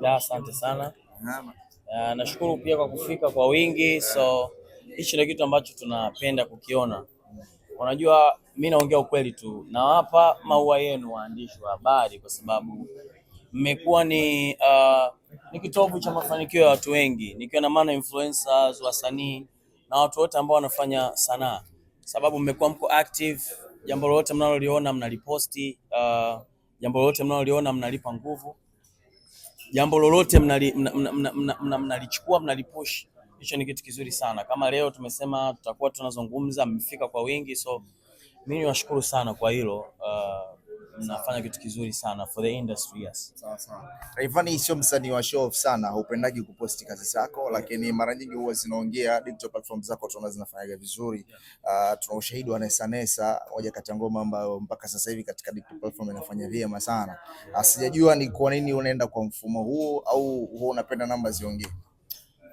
La, asante sana. Uh, nashukuru pia kwa kufika kwa wingi, so hichi ndio kitu ambacho tunapenda kukiona. Unajua, mi naongea ukweli tu, nawapa maua yenu waandishi wa habari, kwa sababu mmekuwa ni uh, ni kitovu cha mafanikio ya watu wengi, nikiwa na maana influencers, wasanii na watu wote ambao wanafanya sanaa, sababu mmekuwa mko active. Jambo lolote mnaloliona mnaliposti, uh, jambo lolote mnaloliona mnalipa nguvu jambo lolote mnalichukua mnaliposhi, mnalipush. Hicho ni kitu kizuri sana. Kama leo tumesema tutakuwa tunazungumza, mmefika kwa wingi, so mimi niwashukuru sana kwa hilo uh, mnafanya kitu kizuri sana for the industry, yes. Sawa sawa. Rayvanny sio msanii wa show off sana, haupendaji kuposti kazi zako, lakini mara nyingi huwa zinaongea digital platform zako tunaona zinafanyaga vizuri. yeah. Uh, tuna ushahidi wa Nesa Nesa, moja kati ya ngoma ambayo mpaka sasa hivi katika digital platform inafanya vyema sana. Asijajua ah, ni kwa nini unaenda kwa mfumo huo au huo unapenda namba ziongee?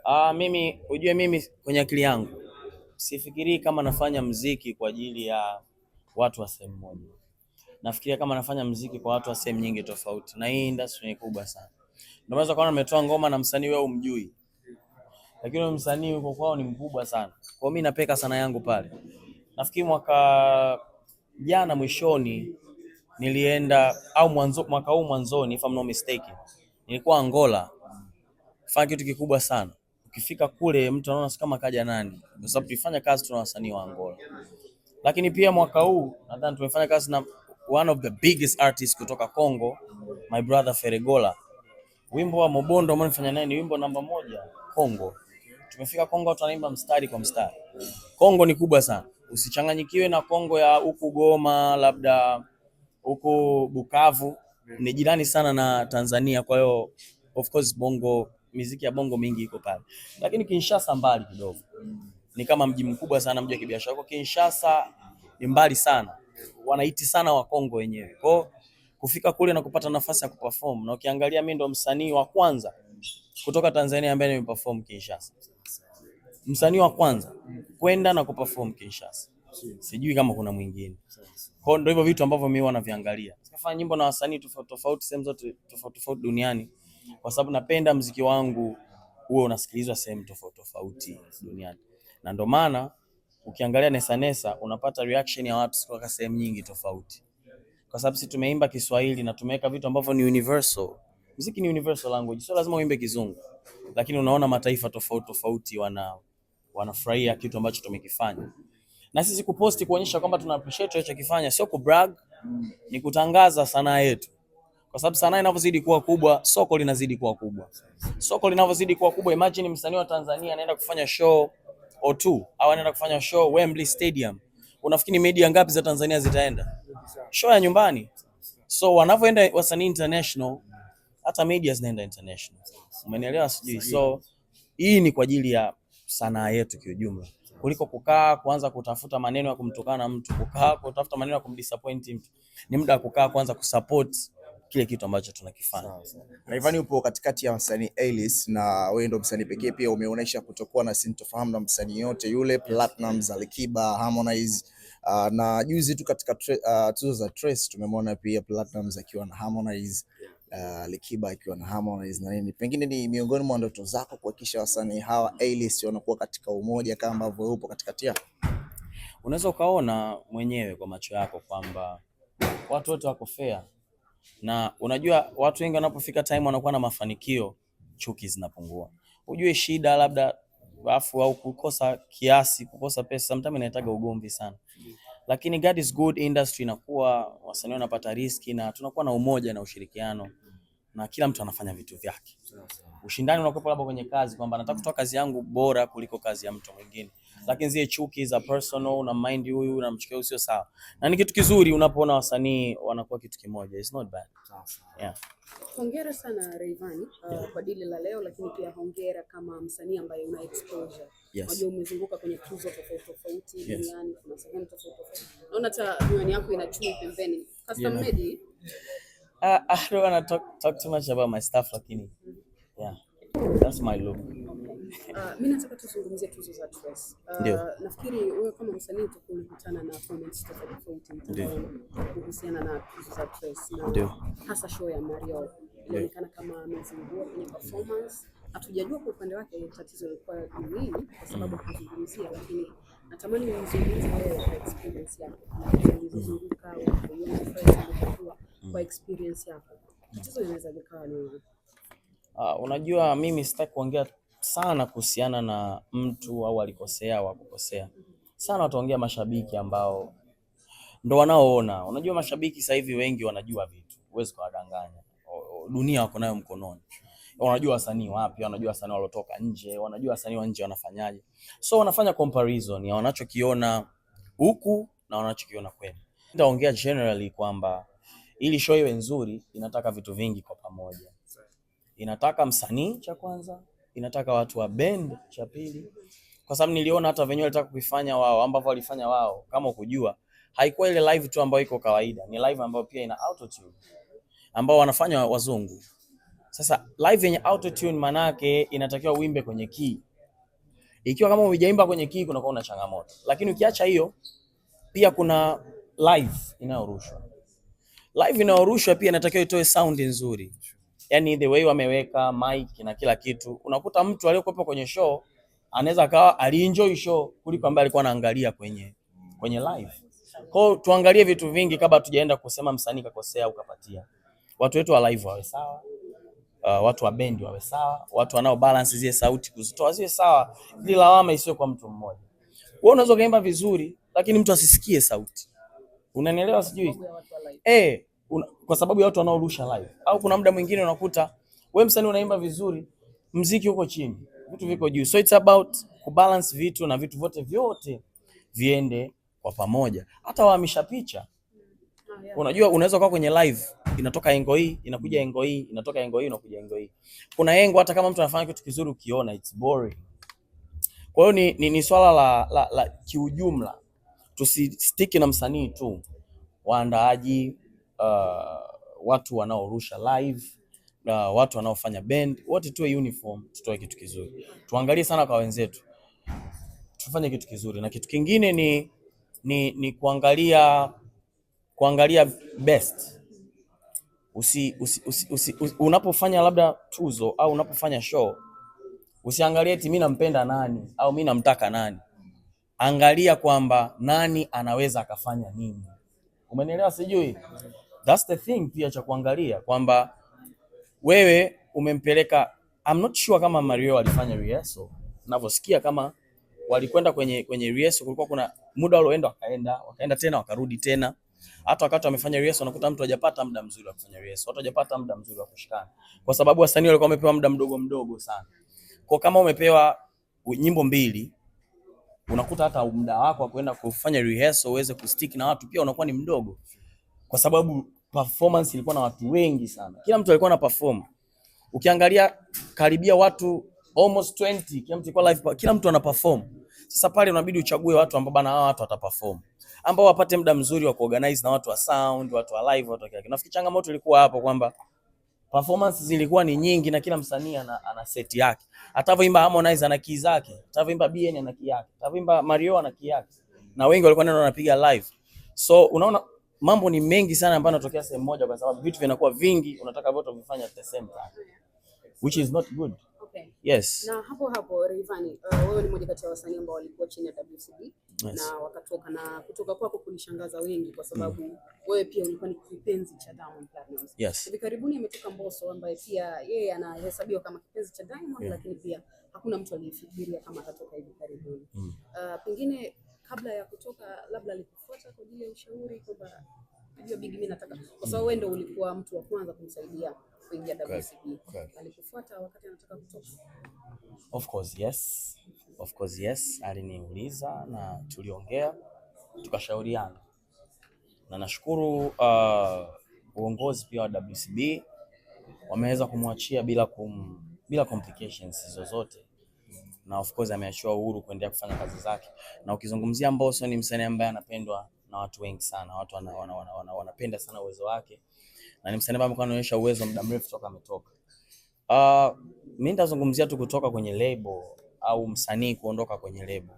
Ah, mimi ujue, mimi kwenye akili yangu sifikirii kama nafanya mziki kwa ajili ya watu wa sehemu moja nafikiria kama nafanya mziki kwa watu wa sehemu nyingi tofauti, na hii industry ni kubwa sana. Ndio maana kwaona nimetoa ngoma na msanii wewe umjui, lakini wewe msanii uko kwao ni mkubwa sana. Kwa mimi napeka sana yangu pale. Nafikiri mwaka jana mwishoni nilienda au mwanzo, mwaka huu mwanzoni, if I'm not mistaken, nilikuwa Angola fanya kitu kikubwa sana. Ukifika kule mtu anaona kama kaja nani, kwa sababu tulifanya kazi tuna wasanii wa Angola, lakini pia mwaka huu nadhani tumefanya kazi na one of the biggest artists kutoka Congo, my brother Feregola. Wimbo wa Mobondo ambao nifanya naye ni wimbo namba moja Congo. Tumefika Kongo, tunaimba mstari kwa mstari. Kongo ni kubwa sana, usichanganyikiwe na Kongo ya huku Goma, labda huku Bukavu, ni jirani sana na Tanzania. Kwa hiyo of course bongo miziki ya bongo mingi iko pale, lakini Kinshasa mbali kidogo, ni kama mji mkubwa sana, mji wa kibiashara. Kwa Kinshasa ni mbali sana wanaiti sana Wakongo wenyewe Kwa kufika kule na kupata nafasi ya kuperform, na ukiangalia mimi ndo msanii wa kwanza kutoka Tanzania ambaye nimeperform Kinshasa, msanii wa kwanza kwenda na kuperform Kinshasa, sijui kama kuna mwingine. Kwa ndio hivyo vitu ambavyo mimi wanaviangalia, sikafanya nyimbo na wasanii tofauti tofauti sehemu zote tofauti tofauti duniani, kwa sababu napenda mziki wangu uwe unasikilizwa sehemu tofauti tofauti duniani, na ndio maana ukiangalia Nesa Nesa unapata reaction ya watu kutoka sehemu nyingi tofauti, kwa sababu sisi tumeimba Kiswahili na tumeweka vitu ambavyo ni universal. Muziki ni universal language, sio lazima uimbe Kizungu, lakini unaona mataifa tofauti tofauti wana wanafurahia kitu ambacho tumekifanya, na sisi kuposti kuonyesha kwamba tuna appreciate tunachokifanya, sio ku brag, ni kutangaza sanaa yetu, kwa sababu sanaa inavyozidi kuwa kubwa, soko linazidi kuwa kubwa. Soko linavyozidi kuwa kubwa, imagine msanii wa Tanzania anaenda kufanya show O2 au anaenda kufanya show Wembley Stadium, unafikiri media ngapi za Tanzania zitaenda show ya nyumbani? So wanavyoenda wasanii international, hata media zinaenda international, umenielewa? Sijui. So hii ni kwa ajili ya sanaa yetu kiujumla, kuliko kukaa kuanza kutafuta maneno ya kumtukana mtu, kukaa kutafuta maneno ya kumdisappoint mtu. Ni muda wa kukaa kuanza kusupport kile kitu ambacho tunakifanya. Naivani, upo katikati ya msanii Alice na wewe ndio msanii pekee pia umeonyesha kutokuwa na sintofahamu na msanii yote yule, Platinum, Alikiba, Harmonize Uh, na juzi tu katika uh, tuzo za Trace tumemwona pia Platinum akiwa na Harmonize uh, Likiba akiwa na Harmonize na nini, pengine ni miongoni mwa ndoto zako kuhakikisha wasanii hawa A-list wanakuwa katika umoja kama ambavyo upo katikati yao. Unaweza ukaona mwenyewe kwa macho yako kwamba watu wote wako fair na unajua watu wengi wanapofika time wanakuwa na mafanikio, chuki zinapungua. Ujue shida labda afu au kukosa kiasi, kukosa pesa, sometimes inahitaji ugomvi sana, lakini God is good industry inakuwa, wasanii wanapata riski na tunakuwa na umoja na ushirikiano na kila mtu anafanya vitu vyake. Ushindani unakuwa labda kwenye kazi kwamba nataka kutoa kazi yangu bora kuliko kazi ya mtu mwingine lakini zile chuki za personal na mind huyu na mchukio sio sawa, na ni kitu kizuri unapoona wasanii wanakuwa kitu kimoja, it's not bad. Yeah. Hongera sana Rayvanny uh, yeah. kwa dili la leo, lakini pia hongera kama msanii ambaye una exposure. Yes. Unajua umezunguka kwenye tuzo tofauti tofauti duniani, kuna sehemu tofauti tofauti. Naona hata miwani yako ina chui pembeni. Custom made. Ah, ah, I don't wanna talk, talk too much about my stuff lakini. Yeah. That's my look. Uh, mimi nataka tuzungumzie tuzo za Trace. Uh, nafikiri wewe kama msanii utakuwa unakutana na comments tofauti tofauti kuhusiana na tuzo za Trace na hasa show ya Mario ilionekana kama amezingua kwenye performance. Hatujajua kwa upande wake tatizo lilikuwa nini, kwa sababu mm. hakuzungumzia, lakini natamani nizungumzie wewe kwa experience yako ulizozunguka mm. mm. kwa experience yako tatizo linaweza likawa nini? Uh, Unajua, mimi sitaki kuongea sana kuhusiana na mtu au alikosea au akukosea. Sana wataongea mashabiki ambao ndo wanaoona. Unajua mashabiki sasa hivi wengi wanajua vitu, huwezi kuwadanganya. Dunia wako nayo mkononi, wanajua wasanii wapi, wanajua wasanii walotoka nje, wanajua wasanii wa nje wanafanyaje, so wanafanya comparison ya wanachokiona huku na wanachokiona kwenu. Nitaongea generally kwamba ili show iwe nzuri, inataka vitu vingi kwa pamoja. Inataka msanii cha kwanza inataka watu wa bend cha pili, kwa sababu niliona hata venyewe walitaka kuifanya wao ambao walifanya wao. Kama ukujua, haikuwa ile live tu ambayo iko kawaida, ni live ambayo pia ina tune ambao wanafanya wazungu. Sasa live yenye tune manake inatakiwa uimbe kwenye key. Ikiwa kama umejaimba kwenye key kunakuwa una changamoto, lakini ukiacha hiyo, pia kuna live inayorushwa. Live inayorushwa pia inatakiwa itoe sound nzuri yani the way wameweka mic na kila kitu, unakuta mtu aliyokuwepo kwenye show anaweza akawa alienjoy show kuliko ambaye alikuwa anaangalia kwenye kwenye live. Kwa tuangalie vitu vingi kabla tujaenda kusema msanii kakosea ukapatia. Watu wetu wa live wawe sawa. Uh, watu wa bendi wawe sawa, watu wanao balance zile sauti kuzitoa ziwe sawa, ili lawama isiwe kwa mtu mmoja. Wewe unaweza kaimba vizuri, lakini mtu asisikie sauti, unanielewa? Sijui eh una, kwa sababu ya watu wanaorusha live. Au kuna muda mwingine unakuta we msanii unaimba vizuri, mziki uko chini, vitu viko juu. So it's about kubalance vitu na vitu vyote vyote viende kwa pamoja. Hata wahamisha picha. Unajua unaweza kuwa kwenye live inatoka engo hii inakuja engo hii inatoka engo hii inakuja engo hii. Kuna engo hata kama mtu anafanya kitu kizuri ukiona it's boring. Kwa hiyo ni, ni, ni swala la, la, la kiujumla, tusistiki na msanii tu, waandaaji uh, watu wanaorusha live na uh, watu wanaofanya band wote tuwe uniform, tutoe kitu kizuri, tuangalie sana kwa wenzetu, tufanye kitu kizuri. Na kitu kingine ni, ni, ni kuangalia kuangalia best usi, usi, usi, usi, usi, unapofanya labda tuzo au unapofanya show usiangalie eti mimi nampenda nani au mimi namtaka nani. Angalia kwamba nani anaweza akafanya nini, umenielewa? Sijui that's the thing pia cha kuangalia kwamba wewe umempeleka. I'm not sure kama Mario alifanya rieso, ninavyosikia kama walikwenda kwenye kwenye rieso, kulikuwa kuna muda walioenda wakaenda wakaenda tena wakarudi tena. Hata wakati wamefanya rieso unakuta mtu hajapata muda mzuri wa kufanya rieso, watu hajapata muda mzuri wa kushikana, kwa sababu wasanii walikuwa wamepewa muda mdogo mdogo sana. Kwa kama umepewa nyimbo mbili, unakuta hata muda wako wa kwenda kufanya rieso uweze kustick na watu pia unakuwa ni mdogo, kwa sababu performance ilikuwa na watu wengi sana, kila mtu alikuwa na perform. Ukiangalia karibia watu almost 20, kila mtu alikuwa live, kila mtu ana perform. Sasa pale unabidi uchague watu ambao bana, hawa watu wataperform, ambao wapate muda mzuri wa kuorganize na watu wa sound, watu wa live, watu wa Nafikiri changamoto ilikuwa hapo kwamba performance zilikuwa ni nyingi na kila msanii ana, ana set yake. Atavyoimba Harmonize ana key zake, atavyoimba BN ana key yake, atavyoimba Mario ana key yake, na wengi walikuwa ndio wanapiga live, so unaona mambo ni mengi sana ambayo yanatokea sehemu moja, kwa sababu vitu vinakuwa vingi, unataka vyote vifanya at the same time which is not good. Okay. Yes. Na hapo hapo Rayvanny, uh, wewe ni mmoja kati ya wasanii ambao walikuwa chini ya WCB yes, na wakatoka na kutoka kwako kulishangaza wengi kwa mm. sababu mm, wewe pia ulikuwa ni kipenzi cha Diamond Platnumz. Yes. Hivi karibuni ametoka Mbosso ambaye pia yeye anahesabiwa kama kipenzi cha Diamond yeah, lakini pia hakuna mtu aliyefikiria kama atatoka hivi karibuni. Mm. Uh, pengine kabla ya kutoka, labda alikufuata kwa ajili ya ushauri kwamba hiyo big mimi nataka, kwa sababu wewe ndio ulikuwa mtu wa kwanza kumsaidia kuingia WCB, alikufuata wakati anataka kutoka? Of course yes, of course yes, aliniuliza na tuliongea tukashauriana, na nashukuru uh, uongozi pia wa WCB wameweza kumwachia bila kum, bila complications zozote na of course ameachiwa uhuru kuendelea kufanya kazi zake. Na ukizungumzia Mbosso ni msanii ambaye anapendwa na watu wengi sana, watu wanapenda wana, wana, wana, wana sana uwezo wake, na ni msanii ambaye amekuwa anaonyesha uwezo muda mrefu toka ametoka. Uh, mimi nitazungumzia tu kutoka kwenye lebo au msanii kuondoka kwenye lebo.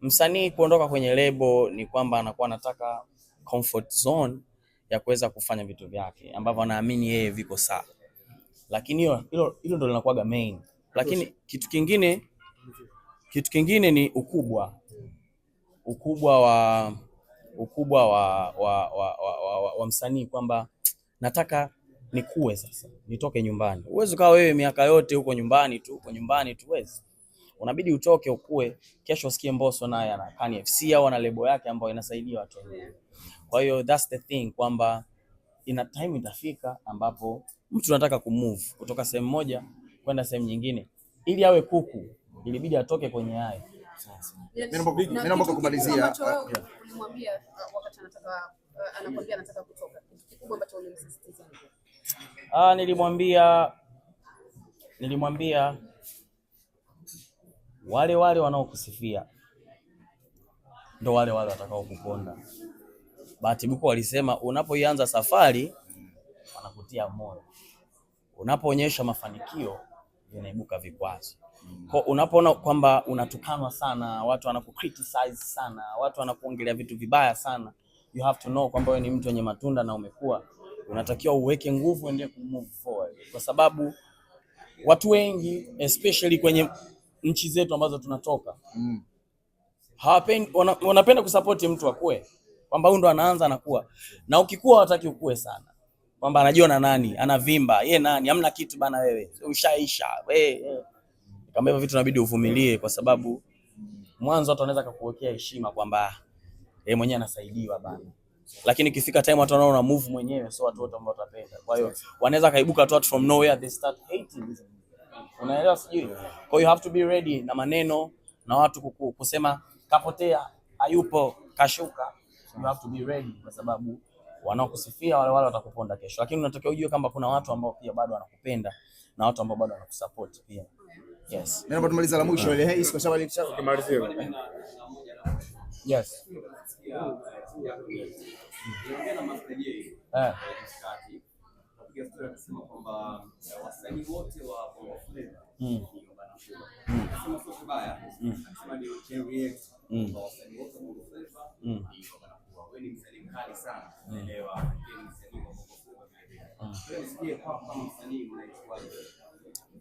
Msanii kuondoka kwenye lebo ni kwamba anakuwa anataka comfort zone ya kuweza kufanya vitu vyake ambavyo anaamini yeye viko sawa, lakini hilo hilo ndio linakuwa main. Lakini kitu kingine kitu kingine ni ukubwa, ukubwa wa ukubwa wa, wa, wa, wa, wa, wa, wa msanii kwamba nataka nikue sasa, nitoke nyumbani. Uwezi kawa wewe miaka yote huko nyumbani tu uko nyumbani tu, uwezi unabidi utoke ukue, kesho usikie Mbosso naye ana Kani FC au ana lebo yake ambayo inasaidia watu wengi. Kwa hiyo that's the thing kwamba ina time itafika ambapo mtu anataka kumove kutoka sehemu moja kwenda sehemu nyingine, ili awe kuku ilibidi atoke kwenye haya. Mimi naomba kukumalizia ah, uh, uh, ah, nilimwambia nilimwambia wale wale wanaokusifia ndo wale wale watakao kuponda. Bahati Buku walisema unapoianza safari wanakutia moyo, unapoonyesha mafanikio vinaibuka vikwazo. Mm. Kwa unapoona kwamba unatukanwa sana, watu wanakukriticize sana, watu wanakuongelea vitu vibaya sana, you have to know kwamba wewe ni mtu mwenye matunda na umekuwa, unatakiwa uweke nguvu, uendelee ku move forward, kwa sababu watu wengi especially kwenye nchi zetu ambazo tunatoka mm. hawapendi, wanapenda kusapoti mtu akue, kwamba huyu ndo anaanza anakuwa, na ukikuwa hawataki ukue sana kwamba anajiona nani, anavimba ye nani, hamna kitu bana, wewe ushaisha wewe kama hivyo vitu inabidi uvumilie, kwa sababu mwanzo watu wanaweza kukuwekea heshima kwamba yeye eh, mwenyewe anasaidiwa bana, lakini ikifika time watu wanaona move mwenyewe, sio watu wote ambao watapenda. Kwa hiyo wanaweza kaibuka tu from nowhere, they start hating, unaelewa? Sijui. Kwa hiyo you have to be ready na maneno na watu kuku, kusema kapotea, hayupo, kashuka. You have to be ready kwa sababu wanaokusifia wale wale watakuponda kesho, lakini unatokea ujue kwamba kuna watu ambao pia bado wanakupenda na watu ambao bado wanakusupport pia. Yes. Naomba tumaliza la mwisho ile hii kwa sababu tumaliziwe. Yes. Mm.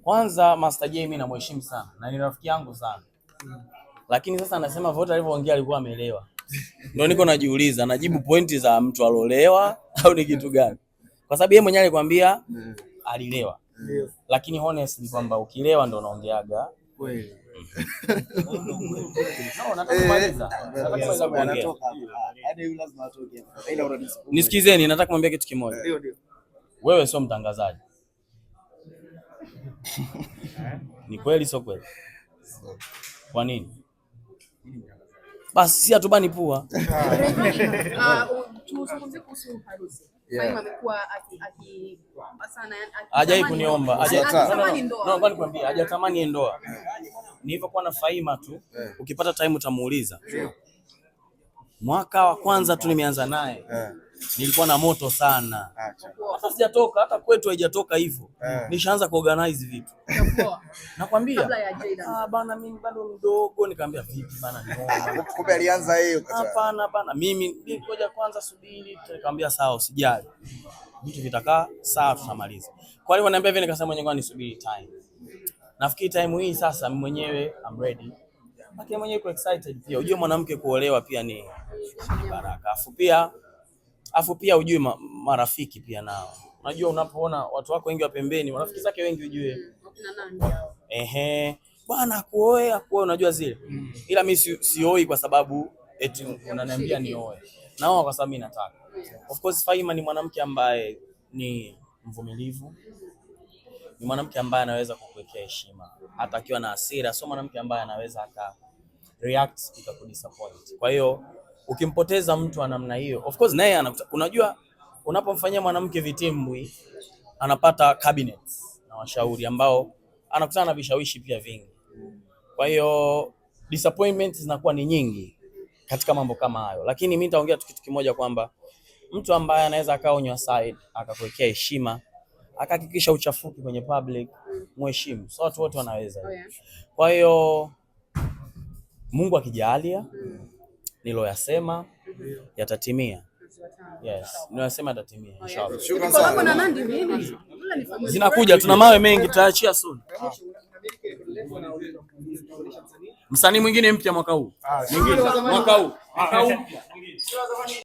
Kwanza Master J mimi namheshimu sana na ni rafiki yangu sana Lakini sasa anasema vote alivyoongea alikuwa ameelewa. Ndio niko najiuliza, najibu pointi za mtu alolewa au ni kitu gani? Kwa sababu yeye mwenyewe alikwambia alilewa mm. Lakini ni kwamba ukilewa ndo unaongeaga kweli. Eh. Yaani Nisikizeni, nataka kumwambia kitu kimoja. Wewe sio mtangazaji Eh? Ni kweli sio kweli? Kwa nini? Basi si atubani pua. Hajai kuniomba, nikwambie, hajatamani ndoa. Nilivyokuwa na Faima tu, ukipata time utamuuliza. Mwaka wa kwanza tu nimeanza naye nilikuwa na moto sana, hata sijatoka, hata kwetu haijatoka hivyo Yeah. Nishaanza ku organize vitu nakwambia, ah bana, mimi bado mdogo. nikamwambia vipi bana, kumbe alianza yeye. Hapana bana, mimi ngoja kwanza, subiri. Nikamwambia sawa, usijali, vitu vitakaa sawa, tunamaliza. Kwa hiyo wananiambia hivi nikasema mwenyewe subiri time. Nafikiri time hii sasa mimi mwenyewe I'm ready lakini mwenyewe iko excited pia. Ujue mwanamke kuolewa pia ni baraka, afu pia Alafu pia ujue ma, marafiki pia nao. Unajua unapoona watu wako wengi wa pembeni, marafiki zake wengi ujue. Ehe. Bwana akuoe, akuoe unajua zile. Mm. Ila mimi si, sioi kwa sababu eti unaniambia nioe. Naoa kwa sababu nataka. Of course Faima ni mwanamke ambaye ni mvumilivu. Ni mwanamke ambaye anaweza kukuwekea heshima hata akiwa na hasira, sio mwanamke ambaye anaweza aka react ikakudisappoint. Kwa hiyo ukimpoteza mtu wa namna hiyo, of course naye unajua, unapomfanyia mwanamke vitimbwi anapata cabinets na washauri ambao anakutana na vishawishi pia vingi. Kwa hiyo disappointments zinakuwa ni nyingi katika mambo kama hayo, lakini mimi nitaongea tu kitu kimoja kwamba mtu ambaye anaweza akawa on your side akakuwekea heshima akahakikisha uchafuki kwenye public, mheshimu. So watu wote wanaweza. Oh, Kwa hiyo Mungu akijalia niloyasema yatatimia. Yes, niloyasema yatatimia oh, inshallah. Zinakuja, tuna mawe mengi, tutaachia soon. Ah. Msanii mwingine mpya mwaka huu, ah, mwaka huu ah,